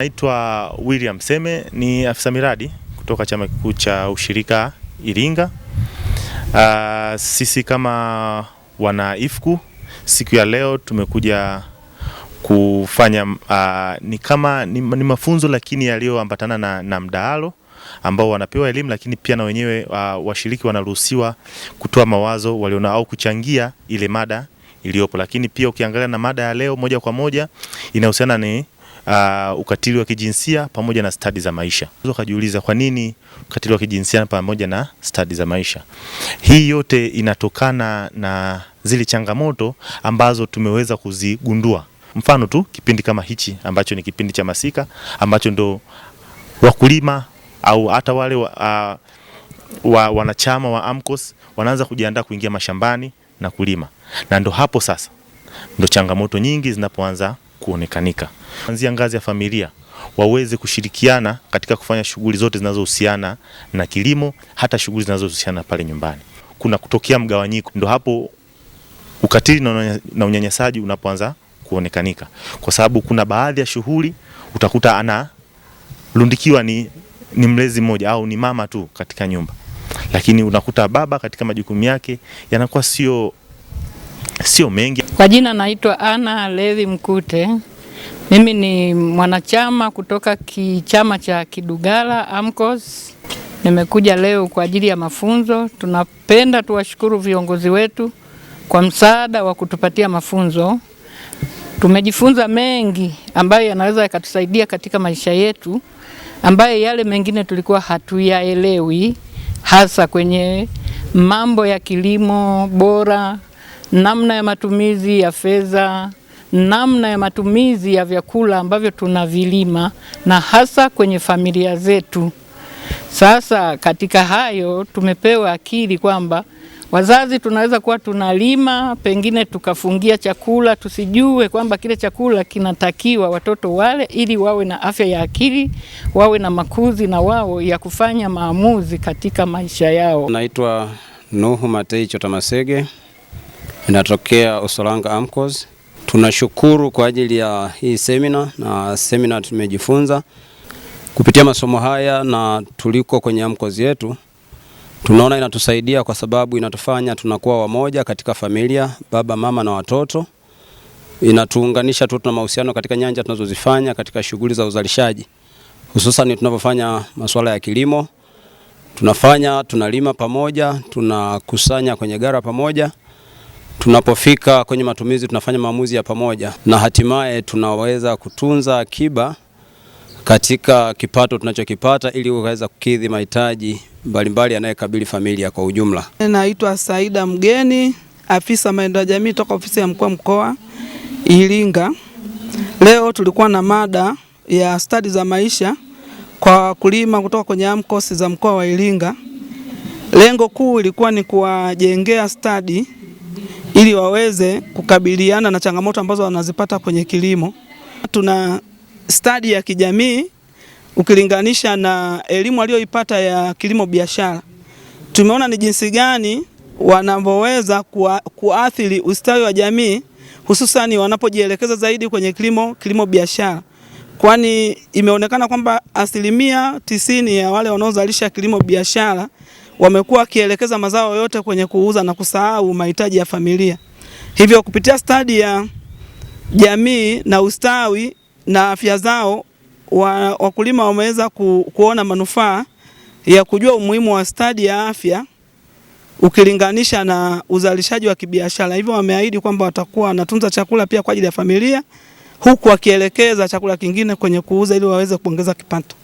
Naitwa William Seme ni afisa miradi kutoka chama kikuu cha ushirika Iringa. Aa, ah, sisi kama wana IFCU siku ya leo tumekuja kufanya aa, ah, ni kama ni, ni mafunzo lakini yaliyoambatana na, na mdahalo ambao wanapewa elimu lakini pia na wenyewe ah, washiriki wanaruhusiwa kutoa mawazo waliona au kuchangia ile mada iliyopo, lakini pia ukiangalia na mada ya leo moja kwa moja inahusiana ni uh, ukatili wa kijinsia pamoja na stadi za maisha. Ukajiuliza kwa nini ukatili wa kijinsia pamoja na stadi za maisha? Hii yote inatokana na zile changamoto ambazo tumeweza kuzigundua. Mfano tu kipindi kama hichi ambacho ni kipindi cha masika ambacho ndo wakulima au hata wale wa, uh, wa, wanachama wa AMCOS wanaanza kujiandaa kuingia mashambani na kulima, na ndo hapo sasa ndo changamoto nyingi zinapoanza kuonekanika, kuanzia ngazi ya familia waweze kushirikiana katika kufanya shughuli zote zinazohusiana na kilimo, hata shughuli zinazohusiana pale nyumbani. Kuna kutokea mgawanyiko, ndo hapo ukatili na unyanyasaji unapoanza kuonekanika, kwa sababu kuna baadhi ya shughuli utakuta anarundikiwa ni, ni mlezi mmoja au ni mama tu katika nyumba, lakini unakuta baba katika majukumu yake yanakuwa sio sio mengi. Kwa jina naitwa Ana Levi Mkute. Mimi ni mwanachama kutoka kichama cha Kidugala AMCOS. Nimekuja leo kwa ajili ya mafunzo. Tunapenda tuwashukuru viongozi wetu kwa msaada wa kutupatia mafunzo. Tumejifunza mengi ambayo yanaweza yakatusaidia katika maisha yetu, ambayo yale mengine tulikuwa hatuyaelewi, hasa kwenye mambo ya kilimo bora namna ya matumizi ya fedha, namna ya matumizi ya vyakula ambavyo tunavilima na hasa kwenye familia zetu. Sasa katika hayo tumepewa akili kwamba wazazi tunaweza kuwa tunalima, pengine tukafungia chakula, tusijue kwamba kile chakula kinatakiwa watoto wale, ili wawe na afya ya akili, wawe na makuzi na wao ya kufanya maamuzi katika maisha yao. Naitwa Nuhu Matei Chotamasege inatokea Usolanga AMCOS. Tunashukuru kwa ajili ya hii semina na semina tumejifunza kupitia masomo haya na tuliko kwenye AMCOS yetu tunaona inatusaidia kwa sababu inatufanya tunakuwa wamoja katika familia, baba, mama na watoto. Inatuunganisha tu, tuna mahusiano katika nyanja tunazozifanya katika shughuli za uzalishaji, hususan tunapofanya masuala ya kilimo. Tunafanya tunalima pamoja, tunakusanya kwenye gara pamoja. Tunapofika kwenye matumizi, tunafanya maamuzi ya pamoja na hatimaye tunaweza kutunza akiba katika kipato tunachokipata ili ukaweza kukidhi mahitaji mbalimbali yanayokabili familia kwa ujumla. Naitwa Saida Mgeni, afisa maendeleo ya jamii toka ofisi ya mkuu mkoa Iringa. Leo tulikuwa na mada ya stadi za maisha kwa wakulima kutoka kwenye AMCOS za mkoa wa Iringa. Lengo kuu ilikuwa ni kuwajengea stadi ili waweze kukabiliana na changamoto ambazo wanazipata kwenye kilimo. Tuna stadi ya kijamii ukilinganisha na elimu aliyoipata ya kilimo biashara. Tumeona ni jinsi gani wanavyoweza kuathiri ustawi wa jamii hususani wanapojielekeza zaidi kwenye kilimo kilimo biashara, kwani imeonekana kwamba asilimia tisini ya wale wanaozalisha kilimo biashara wamekuwa wakielekeza mazao yote kwenye kuuza na kusahau mahitaji ya familia. Hivyo kupitia stadi ya jamii na ustawi na afya zao wa, wakulima wameweza ku, kuona manufaa ya kujua umuhimu wa stadi ya afya ukilinganisha na uzalishaji wa kibiashara. Hivyo wameahidi kwamba watakuwa wanatunza chakula pia kwa ajili ya familia, huku wakielekeza chakula kingine kwenye kuuza ili waweze kuongeza kipato.